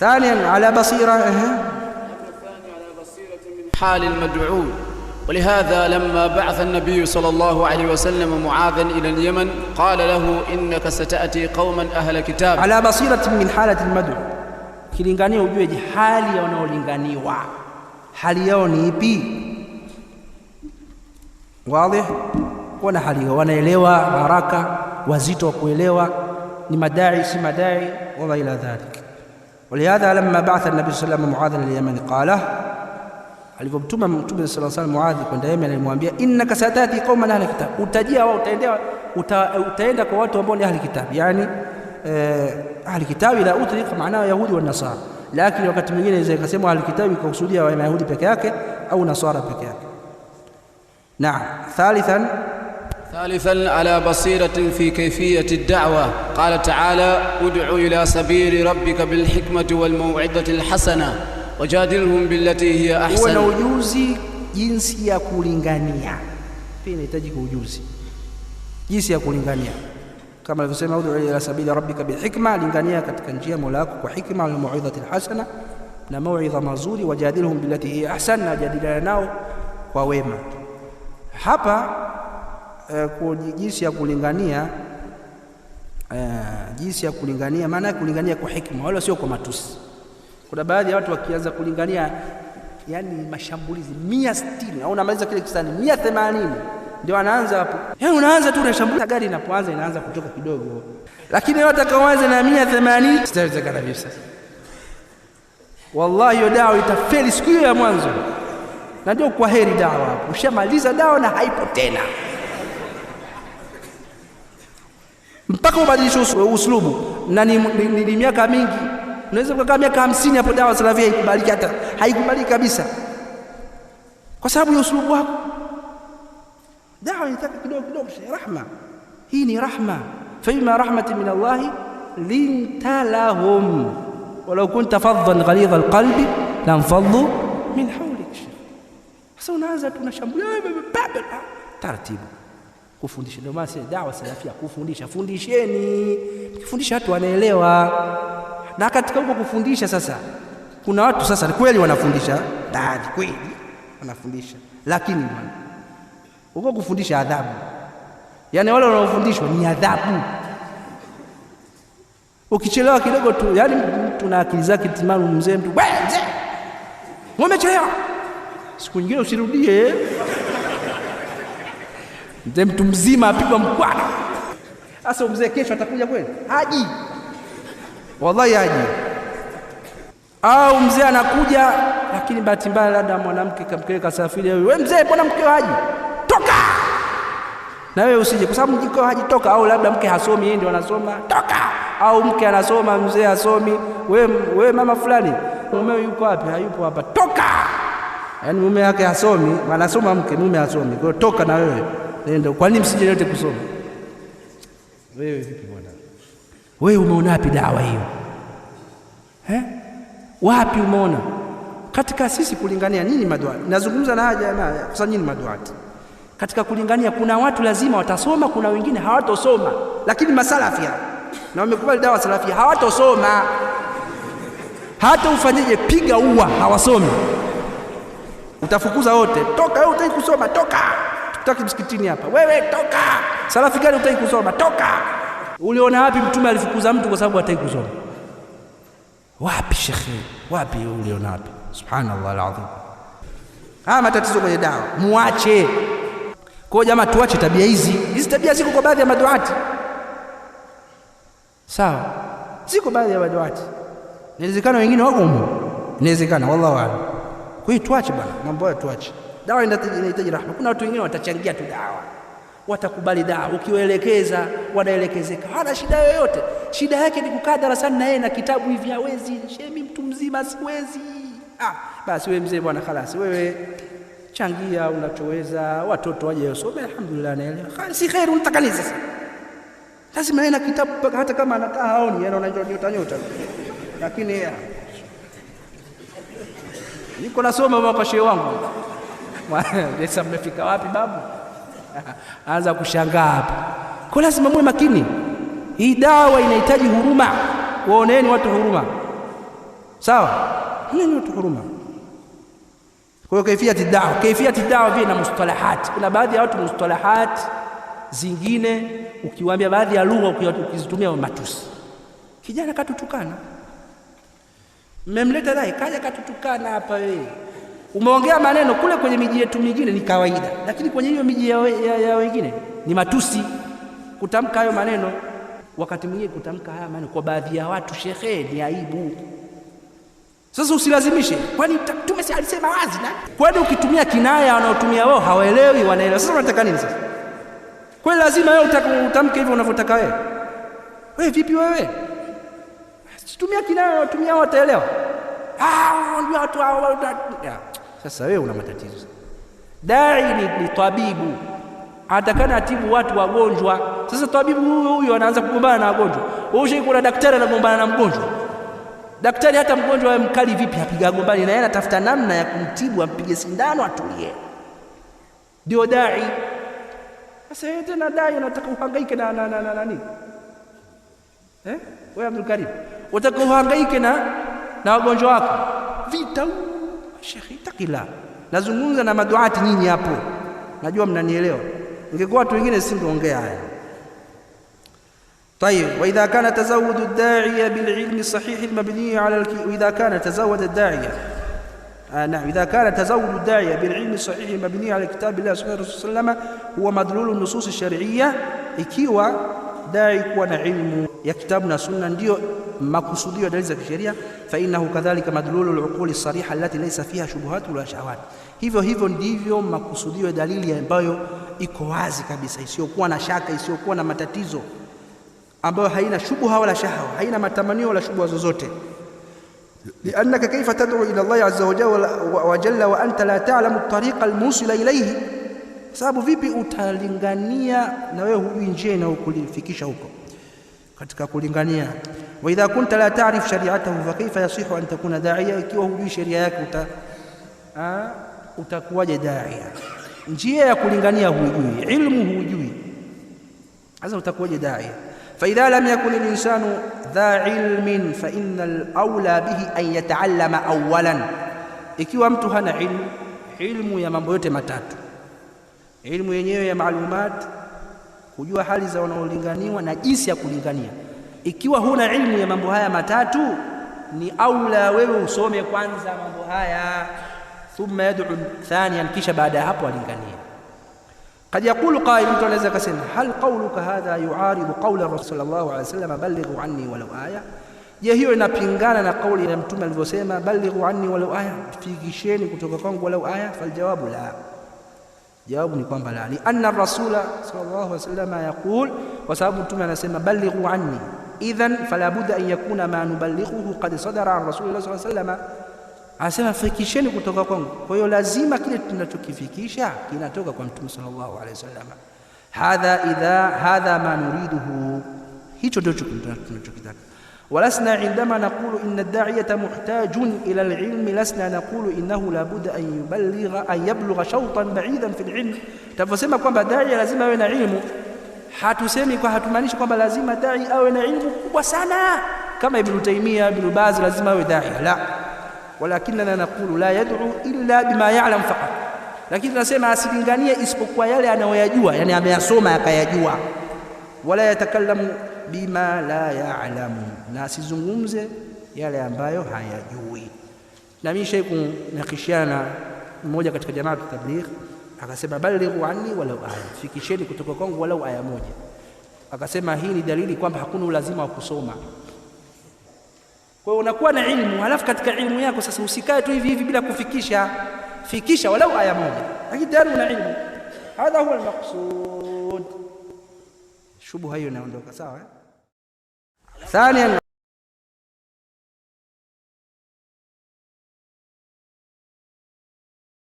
ثانيا على بصيرة حال المدعو ولهذا لما بعث النبي صلى الله عليه وسلم معاذا إلى اليمن قال له إنك ستأتي قوما أهل كتاب على بصيرة من حالة المدعو كلينغاني وجوهي حالي ونولينغاني وا حالي ونيبي واضح ولا حالي وانا إليوا عراكة وزيتو كويلوا لمداعي سمداعي وما إلى ذلك ولهذا لما بعث النبي صلى الله عليه وسلم معاذا لليمن قال alivyomtuma mtume sala salam Muadhi kwenda Yemen alimwambia innaka satati qauman ahli kitab, utajia wao utaendea uta, utaenda kwa watu ambao ni ahli kitab, yani eh, ahli kitabi la utrik maana yahudi wa nasara, lakini wakati mwingine inaweza ikasema ahli kitabi kukusudia wa yahudi peke yake au nasara peke yake. Naam, thalithan ثالثا على بصيرة في كيفية الدعوة قال تعالى ادع إلى سبيل ربك بالحكمة والموعظة الحسنة وجادلهم بالتي هي أحسن uwe na ujuzi jinsi ya kulingania pia inahitajika ujuzi jinsi ya kulingania kama alivyosema ud'u ila sabili rabbika bilhikma lingania katika njia mola wako kwa hikma wal mauidhati na mauidha mazuri wajadilhum bilati hiya ahsan na jadiliana nao kwa wema hapa eh, jinsi ya kulingania eh, jinsi ya kulingania, maana ya kulingania kwa hikma, wala sio kwa matusi. Kuna baadhi ya watu wakianza kulingania, yani mashambulizi mia sitini au unamaliza kile kisani mia themanini ndio anaanza hapo, Yani unaanza tu unashambulia. Gari inapoanza inaanza kutoka kidogo, lakini wewe utakaoanza na mia themanini sitawezekana kabisa. Wallahi, hiyo dawa itafeli siku hiyo ya mwanzo, na ndio kwa heri dawa hapo, ushamaliza dawa na haipo tena. mpaka ubadilishe uslubu, na ni, ni, ni, ni miaka mingi. Unaweza kukaa miaka 50 hapo dawa salafia haikubaliki, hata haikubaliki kabisa, kwa sababu ya uslubu wako. Dawa inataka kidogo kidogo, rahma. Hii ni rahma, fabima rahmatin min Allahi linta lahum walau kunta faddan ghalidha alqalbi lanfaddu min hawlik. Sasa unaanza tunashambulia taratibu kufundisha. Ndio maana dawa salafia kufundisha, fundisheni. kufundisha watu wanaelewa, na katika huko kufundisha sasa kuna watu sasa kweli wanafundisha baadhi, kweli wanafundisha, lakini huko kufundisha adhabu, yani wale wanaofundishwa ni adhabu. Ukichelewa kidogo tu, yaani mtu na akili zake timamu, mzee mtu, we mzee, umechelewa, siku nyingine usirudie. Mzee mtu mzima apigwa mkwana. Sasa mzee kesho atakuja kweli? Haji, wallahi haji. Au mzee anakuja, lakini bahati mbaya labda mwanamke kamkele kasafiri, wewe mzee, mbona mke haji? Toka na wewe usije, kwa sababu mkeo haji, toka. Au labda mke hasomi, yeye ndio anasoma, toka. Au mke anasoma, mzee hasomi. Wewe wewe, mama fulani, mume yuko wapi? Hayupo hapa, toka. Yaani mume wake hasomi, anasoma mke, mume hasomi, kwa toka na wewe nenda. Kwa nini msije yote kusoma? Wewe vipi bwana? Wewe umeona wapi dawa hiyo eh? Wapi umeona katika sisi kulingania nini maduati? Nazungumza na haja na kwa nini maduati katika kulingania, kuna watu lazima watasoma, kuna wengine hawatosoma, lakini masalafia na wamekubali dawa salafia hawatosoma hata ufanyeje, piga uwa, hawasomi. Utafukuza wote, toka wewe, utaki kusoma, toka. Toka msikitini hapa. Wewe toka. Salafi gani utaki kusoma? Toka. Uliona wapi mtume alifukuza mtu kwa sababu hataki kusoma? Wapi shekhe? Wapi uliona wapi? Subhanallah alazim. Ah, matatizo kwenye dawa. Muache. Kwa jamaa tuache tabia hizi. Hizi tabia ziko kwa baadhi ya maduati. Sawa. Ziko baadhi ya maduati. Inawezekana wengine wako humo. Inawezekana wallahu Kwa hiyo tuache bwana, mambo haya tuache. Dawa inahitaji rahma. Kuna watu wengine watachangia tu dawa, watakubali dawa, ukiwaelekeza wanaelekezeka, hana shida yoyote. Shida yake ni kukaa darasani na yeye na kitabu hivi, hawezi. Shemi mtu mzima, siwezi. Ah, basi wewe mzee bwana, khalasi wewe changia unachoweza, watoto waje wasome. Alhamdulillah, naelewa si kheri, unataka sasa? Lazima yeye na kitabu mpaka hata kama anakaa haoni, yaani anaona nyota nyota, lakini ah, niko nasoma kwa shehe wangu sasa mmefika wapi babu? Anza kushangaa hapa. Kwa lazima muwe makini, hii dawa inahitaji huruma. Waoneeni watu huruma, sawa? Oneni watu huruma. Kwa hiyo kaifiyati dawa, kaifiyati dawa vile na mustalahati. Kuna baadhi ya watu mustalahati zingine ukiwaambia, baadhi ya lugha ukizitumia matusi. Kijana katutukana, mmemleta dai, kaja katutukana hapa wewe umeongea maneno kule kwenye miji yetu mingine ni kawaida, lakini kwenye hiyo miji ya wengine ni matusi kutamka hayo maneno. Wakati mwingine kutamka haya maneno kwa baadhi ya watu, shehe, ni aibu. Sasa usilazimishe, kwani Mtume si alisema wazi? Na kwani ukitumia kinaya wanaotumia wao hawaelewi, wanaelewa. Sasa unataka nini sasa? Kwani lazima wewe utamke hivyo unavyotaka wewe? Wewe vipi wewe? Situmia kinaya wanaotumia wao, wataelewa. Ah, ndio watu hao sasa wewe una matatizo. Dai ni, ni tabibu atakana atibu watu wagonjwa. Sasa tabibu huyo huyo anaanza kugombana na wagonjwa. Wewe kuna daktari anagombana na mgonjwa. Daktari hata mgonjwa mkali vipi, apiga gombani na yeye, anatafuta namna ya kumtibu, ampige sindano atulie. Ndio dai. Sasa yeye tena dai anataka uhangaike na na na nani? Eh? Wewe Abdul Karim, utaka uhangaike na na wagonjwa wako. Vita shekhi takila nazungumza na maduati nyinyi hapo najua mnanielewa ingekuwa watu wengine singeongea haya طيب وإذا كان تزود الداعية بالعلم الصحيح المبني على الك... وإذا كان تزود الداعية آه نعم إذا كان تزود الداعية بالعلم الصحيح المبني على كتاب الله سبحانه وتعالى هو مدلول النصوص الشرعية إكيوا dai kuwa na ilmu ya kitabu na sunna ndiyo makusudio ya dalili za kisheria, fa innahu kadhalika madlulu luquli sariha allati laysa fiha shubuhat wala shawat hivyo hivyo ndivyo makusudio ya dalili ambayo iko wazi kabisa, isiyokuwa na shaka, isiyokuwa na matatizo, ambayo haina shubuha wala shahawa, haina matamanio wala shubuha zozote liannaka kaifa tad'u ila Allah azza wa jalla wa anta la ta'lamu at-tariqa al-musila ilayhi sababu vipi utalingania na wewe hujui njia inayokufikisha huko katika kulingania. Wa idha kunta la taarif shari'atahu fa yasihu an takuna da'ia, ikiwa hujui sheria yake uta, utakuwaje da'ia? Njia ya kulingania hujui, ilmu hujui, sasa utakuwaje da'ia? Fa idha lam yakun al-insanu dha ilmin fa laula bihi an yata'allama awwalan, ikiwa mtu hana ilmu, ilmu ya mambo yote matatu elimu yenyewe ya maalumat, kujua hali za wanaolinganiwa na jinsi ya kulingania. Ikiwa huna ilmu ya mambo haya matatu, ni aula wewe usome kwanza mambo haya, thumma yad'u thaniyan, kisha baada ya hapo alinganie. Kad yaqulu qail, mtu anaweza akasema, hal qauluka hadha yuaridu qawla rasul sallallahu alayhi wasallam ballighu anni walau aya Je, hiyo inapingana na kauli ya Mtume alivyosema, balighu anni walau aya, fikisheni kutoka kwangu walau aya? Faljawabu la jawabu ni kwamba la lianna rasula sallallahu alaihi wasallam yaqul kwa sababu mtume anasema balighu anni idhan fala budda an yakuna ma nuballighuhu qad sadara an rasulillah sallallahu alaihi wasallam anasema fikisheni kutoka kwangu kwa hiyo lazima kile tunachokifikisha kinatoka kwa mtume sallallahu alaihi wasallam hadha idha hadha ma nuriduhu hicho ndio tunachokitaka ولسنا عندما نقول إن الداعية محتاج إلى العلم لسنا نقول إنه لابد أن يبلغ أن يبلغ شوطا بعيدا في العلم تفسمة كما داعي لازم أن علم حتسمي كما حتمانيش كما لازم داعي أو علم وسنا كما ابن تيمية ابن باز لازم أن داعية لا ولكننا نقول لا يدعو إلا بما يعلم فقط لكن نسمى سبنغانية إسبقوا يالي أنا ويجوا يعني أبي أصوم ولا يتكلم bima la yaalamu, na asizungumze yale ambayo hayajui. Na mimi na nakishana mmoja katika jamaa ya tabligh akasema, balighu anni walau aya, fikisheni kutoka kwangu walau aya moja. Akasema hii ni dalili kwamba hakuna ulazima wa kusoma. Kwa hiyo unakuwa na ilmu, halafu katika ilmu yako sasa usikae tu hivi hivi bila kufikisha. Fikisha walau aya moja, lakini tayari una ilmu. Hadha huwa almaqsud. Shubha hiyo inaondoka, sawa eh? 三年了。